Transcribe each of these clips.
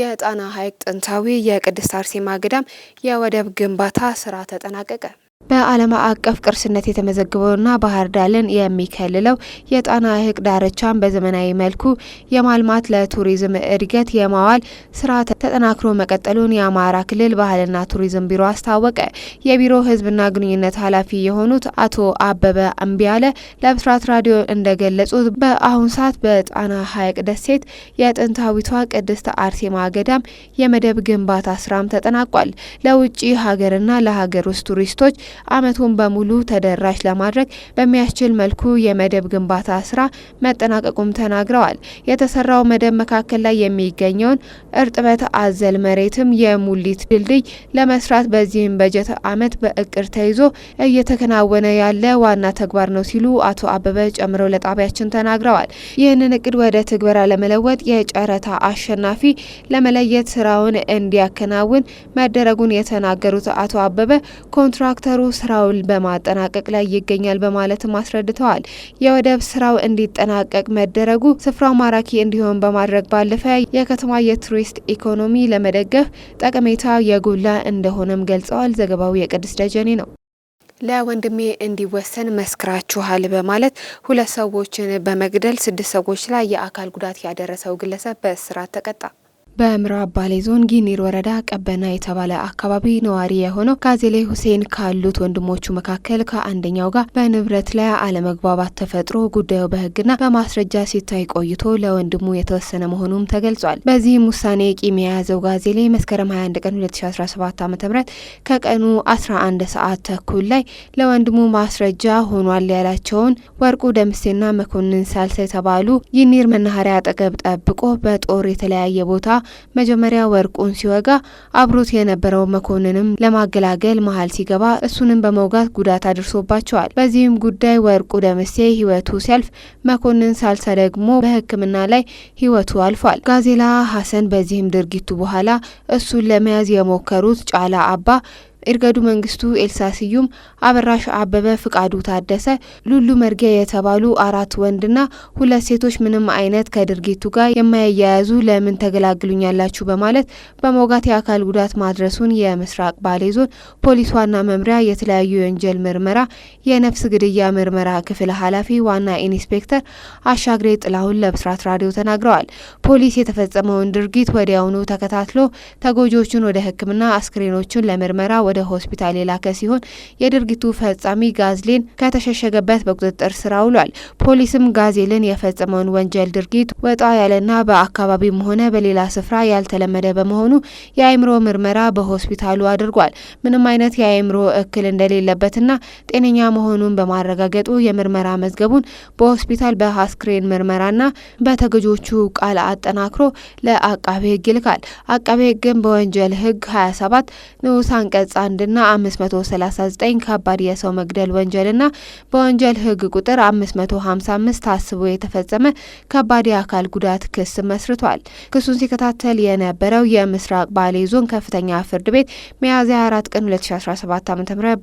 የጣና ሐይቅ ጥንታዊ የቅድስት አርሴማ ገዳም የወደብ ግንባታ ስራ ተጠናቀቀ። በዓለም አቀፍ ቅርስነት የተመዘገበውና ባህር ዳርን የሚከልለው የጣና ሐይቅ ዳርቻን በዘመናዊ መልኩ የማልማት ለቱሪዝም እድገት የማዋል ስራ ተጠናክሮ መቀጠሉን የአማራ ክልል ባህልና ቱሪዝም ቢሮ አስታወቀ። የቢሮ ሕዝብና ግንኙነት ኃላፊ የሆኑት አቶ አበበ እምቢያለ ለብስራት ራዲዮ እንደገለጹት በአሁኑ ሰዓት በጣና ሐይቅ ደሴት የጥንታዊቷ ቅድስት አርሴማ ገዳም የመደብ ግንባታ ስራም ተጠናቋል። ለውጭ ሀገርና ለሀገር ውስጥ ቱሪስቶች አመቱን በሙሉ ተደራሽ ለማድረግ በሚያስችል መልኩ የመደብ ግንባታ ስራ መጠናቀቁም ተናግረዋል። የተሰራው መደብ መካከል ላይ የሚገኘውን እርጥበት አዘል መሬትም የሙሊት ድልድይ ለመስራት በዚህም በጀት አመት በእቅድ ተይዞ እየተከናወነ ያለ ዋና ተግባር ነው ሲሉ አቶ አበበ ጨምረው ለጣቢያችን ተናግረዋል። ይህንን እቅድ ወደ ትግበራ ለመለወጥ የጨረታ አሸናፊ ለመለየት ስራውን እንዲያከናውን መደረጉን የተናገሩት አቶ አበበ ኮንትራክተሩ ስራውን በማጠናቀቅ ላይ ይገኛል በማለትም አስረድተዋል። የወደብ ስራው እንዲጠናቀቅ መደረጉ ስፍራው ማራኪ እንዲሆን በማድረግ ባለፈ የከተማ የቱሪስት ኢኮኖሚ ለመደገፍ ጠቀሜታ የጎላ እንደሆነም ገልጸዋል። ዘገባው የቅድስ ደጀኔ ነው። ለወንድሜ እንዲወሰን መስክራችኋል በማለት ሁለት ሰዎችን በመግደል ስድስት ሰዎች ላይ የአካል ጉዳት ያደረሰው ግለሰብ በእስራት ተቀጣ። በምዕራብ ባሌ ዞን ጊኒር ወረዳ ቀበና የተባለ አካባቢ ነዋሪ የሆነው ጋዜሌ ሁሴን ካሉት ወንድሞቹ መካከል ከአንደኛው ጋር በንብረት ላይ አለመግባባት ተፈጥሮ ጉዳዩ በሕግና በማስረጃ ሲታይ ቆይቶ ለወንድሙ የተወሰነ መሆኑም ተገልጿል። በዚህም ውሳኔ ቂም የያዘው ጋዜሌ መስከረም 21 ቀን 2017 ዓ ም ከቀኑ 11 ሰዓት ተኩል ላይ ለወንድሙ ማስረጃ ሆኗል ያላቸውን ወርቁ ደምሴና መኮንን ሳልሰ የተባሉ ጊኒር መናኸሪያ አጠገብ ጠብቆ በጦር የተለያየ ቦታ መጀመሪያ ወርቁን ሲወጋ አብሮት የነበረው መኮንንም ለማገላገል መሀል ሲገባ እሱንም በመውጋት ጉዳት አድርሶባቸዋል። በዚህም ጉዳይ ወርቁ ደምሴ ህይወቱ ሲያልፍ፣ መኮንን ሳልሳ ደግሞ በሕክምና ላይ ህይወቱ አልፏል። ጋዜላ ሀሰን በዚህም ድርጊቱ በኋላ እሱን ለመያዝ የሞከሩት ጫላ አባ ኢርገዱ መንግስቱ፣ ኤልሳ ስዩም፣ አበራሽ አበበ፣ ፍቃዱ ታደሰ፣ ሉሉ መርጊያ የተባሉ አራት ወንድና ሁለት ሴቶች ምንም አይነት ከድርጊቱ ጋር የማያያዙ ለምን ተገላግሉኛላችሁ በማለት በመውጋት የአካል ጉዳት ማድረሱን የምስራቅ ባሌ ዞን ፖሊስ ዋና መምሪያ የተለያዩ የወንጀል ምርመራ የነፍስ ግድያ ምርመራ ክፍል ኃላፊ ዋና ኢንስፔክተር አሻግሬ ጥላሁን ለብስራት ራዲዮ ተናግረዋል። ፖሊስ የተፈጸመውን ድርጊት ወዲያውኑ ተከታትሎ ተጎጂዎቹን ወደ ሕክምና አስክሬኖቹን ለምርመራ ወደ ሆስፒታል የላከ ሲሆን የድርጊቱ ፈጻሚ ጋዝሌን ከተሸሸገበት በቁጥጥር ስር አውሏል። ፖሊስም ጋዜልን የፈጸመውን ወንጀል ድርጊት ወጣ ያለና በአካባቢም ሆነ በሌላ ስፍራ ያልተለመደ በመሆኑ የአእምሮ ምርመራ በሆስፒታሉ አድርጓል። ምንም አይነት የአእምሮ እክል እንደሌለበትና ጤነኛ መሆኑን በማረጋገጡ የምርመራ መዝገቡን በሆስፒታል በአስክሬን ምርመራና በተገጆቹ ቃል አጠናክሮ ለአቃቤ ሕግ ይልካል። አቃቤ ሕግም በወንጀል ሕግ 27 ንዑስ አንቀጽ አንድና አምስት መቶ ሰላሳ ዘጠኝ ከባድ የሰው መግደል ወንጀልና በወንጀል ህግ ቁጥር አምስት መቶ ሀምሳ አምስት ታስቦ የተፈጸመ ከባድ የአካል ጉዳት ክስ መስርቷል። ክሱን ሲከታተል የነበረው የምስራቅ ባሌ ዞን ከፍተኛ ፍርድ ቤት ሚያዝያ አራት ቀን ሁለት ሺ አስራ ሰባት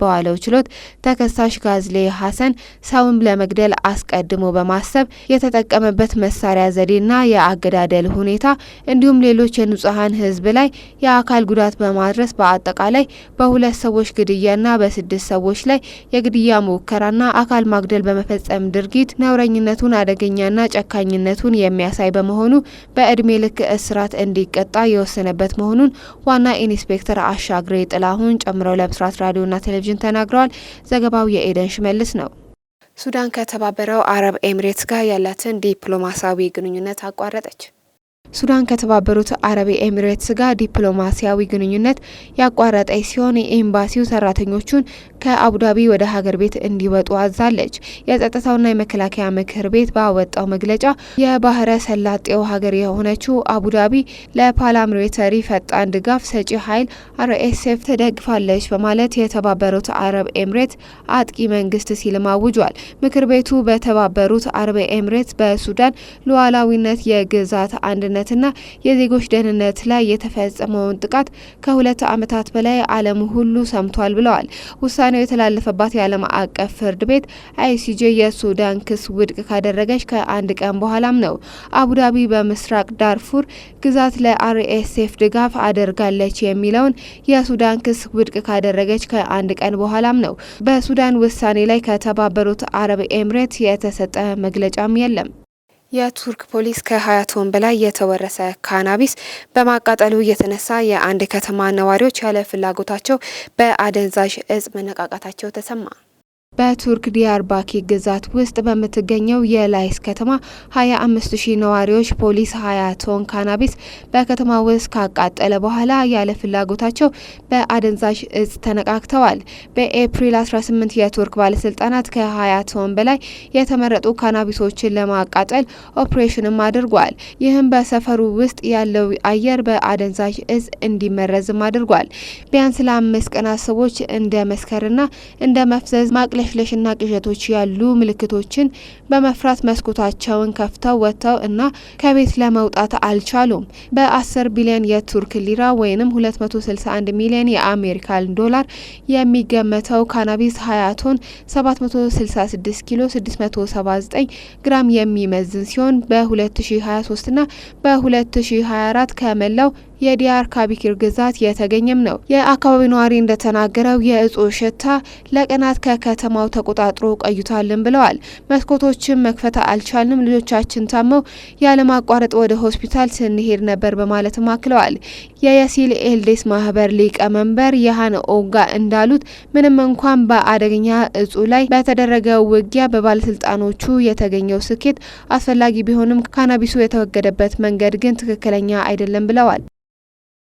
በዋለው ችሎት ተከሳሽ ጋዝሌ ሀሰን ሰውን ለመግደል አስቀድሞ በማሰብ የተጠቀመበት መሳሪያ ዘዴና የአገዳደል ሁኔታ እንዲሁም ሌሎች የንጹሀን ህዝብ ላይ የአካል ጉዳት በማድረስ በአጠቃላይ በ በሁለት ሰዎች ግድያና በስድስት ሰዎች ላይ የግድያ ሙከራና አካል ማግደል በመፈጸም ድርጊት ነውረኝነቱን አደገኛና ጨካኝነቱን የሚያሳይ በመሆኑ በእድሜ ልክ እስራት እንዲቀጣ የወሰነበት መሆኑን ዋና ኢንስፔክተር አሻግሬ ጥላሁን ጨምረው ለብስራት ራዲዮና ቴሌቪዥን ተናግረዋል። ዘገባው የኤደን ሽመልስ ነው። ሱዳን ከተባበረው አረብ ኤምሬትስ ጋር ያላትን ዲፕሎማሲያዊ ግንኙነት አቋረጠች። ሱዳን ከተባበሩት አረብ ኤሚሬትስ ጋር ዲፕሎማሲያዊ ግንኙነት ያቋረጠች ሲሆን የኤምባሲው ሰራተኞቹን ከአቡዳቢ ወደ ሀገር ቤት እንዲወጡ አዛለች። የጸጥታውና የመከላከያ ምክር ቤት ባወጣው መግለጫ የባህረ ሰላጤው ሀገር የሆነችው አቡዳቢ ለፓራሚሊተሪ ፈጣን ድጋፍ ሰጪ ኃይል አርኤስኤፍ ተደግፋለች በማለት የተባበሩት አረብ ኤሚሬት አጥቂ መንግስት ሲልም አውጇል። ምክር ቤቱ በተባበሩት አረብ ኤምሬት በሱዳን ሉዓላዊነት የግዛት አንድነት ነጻነትና የዜጎች ደህንነት ላይ የተፈጸመውን ጥቃት ከሁለት ዓመታት በላይ ዓለም ሁሉ ሰምቷል ብለዋል። ውሳኔው የተላለፈባት የዓለም አቀፍ ፍርድ ቤት አይሲጄ የሱዳን ክስ ውድቅ ካደረገች ከአንድ ቀን በኋላም ነው አቡዳቢ በምስራቅ ዳርፉር ግዛት ለአርኤስኤፍ ድጋፍ አደርጋለች የሚለውን የሱዳን ክስ ውድቅ ካደረገች ከአንድ ቀን በኋላም ነው። በሱዳን ውሳኔ ላይ ከተባበሩት አረብ ኤምሬት የተሰጠ መግለጫም የለም። የቱርክ ፖሊስ ከሀያ ቶን በላይ የተወረሰ ካናቢስ በማቃጠሉ የተነሳ የአንድ ከተማ ነዋሪዎች ያለ ፍላጎታቸው በአደንዛዥ እጽ መነቃቃታቸው ተሰማ። በቱርክ ዲያርባኪ ግዛት ውስጥ በምትገኘው የላይስ ከተማ 25 ሺ ነዋሪዎች ፖሊስ 20 ቶን ካናቢስ በከተማ ውስጥ ካቃጠለ በኋላ ያለ ፍላጎታቸው በአደንዛዥ እጽ ተነቃክተዋል። በኤፕሪል 18 የቱርክ ባለስልጣናት ከ20 ቶን በላይ የተመረጡ ካናቢሶችን ለማቃጠል ኦፕሬሽንም አድርጓል። ይህም በሰፈሩ ውስጥ ያለው አየር በአደንዛዥ እጽ እንዲመረዝም አድርጓል። ቢያንስ ለአምስት ቀናት ሰዎች እንደ መስከርና እንደ መፍዘዝ ማቅለሽ ማቅለሽለሽና ቅዠቶች ያሉ ምልክቶችን በመፍራት መስኮታቸውን ከፍተው ወጥተው እና ከቤት ለመውጣት አልቻሉም። በ10 ቢሊዮን የቱርክ ሊራ ወይም 261 ሚሊዮን የአሜሪካን ዶላር የሚገመተው ካናቢስ 20 ቶን 766 ኪሎ 679 ግራም የሚመዝን ሲሆን በ2023 እና በ2024 ከመላው የዲያር ካቢኪር ግዛት የተገኘም ነው። የአካባቢው ነዋሪ እንደተናገረው የእጹ ሽታ ለቀናት ከከተማው ተቆጣጥሮ ቆይቷልን ብለዋል። መስኮቶችን መክፈት አልቻልንም፣ ልጆቻችን ታመው ያለማቋረጥ ወደ ሆስፒታል ስንሄድ ነበር በማለትም አክለዋል። የየሲል ኤልዴስ ማህበር ሊቀመንበር የሃነ ኦጋ እንዳሉት ምንም እንኳን በአደገኛ እጹ ላይ በተደረገው ውጊያ በባለስልጣኖቹ የተገኘው ስኬት አስፈላጊ ቢሆንም ካናቢሱ የተወገደበት መንገድ ግን ትክክለኛ አይደለም ብለዋል።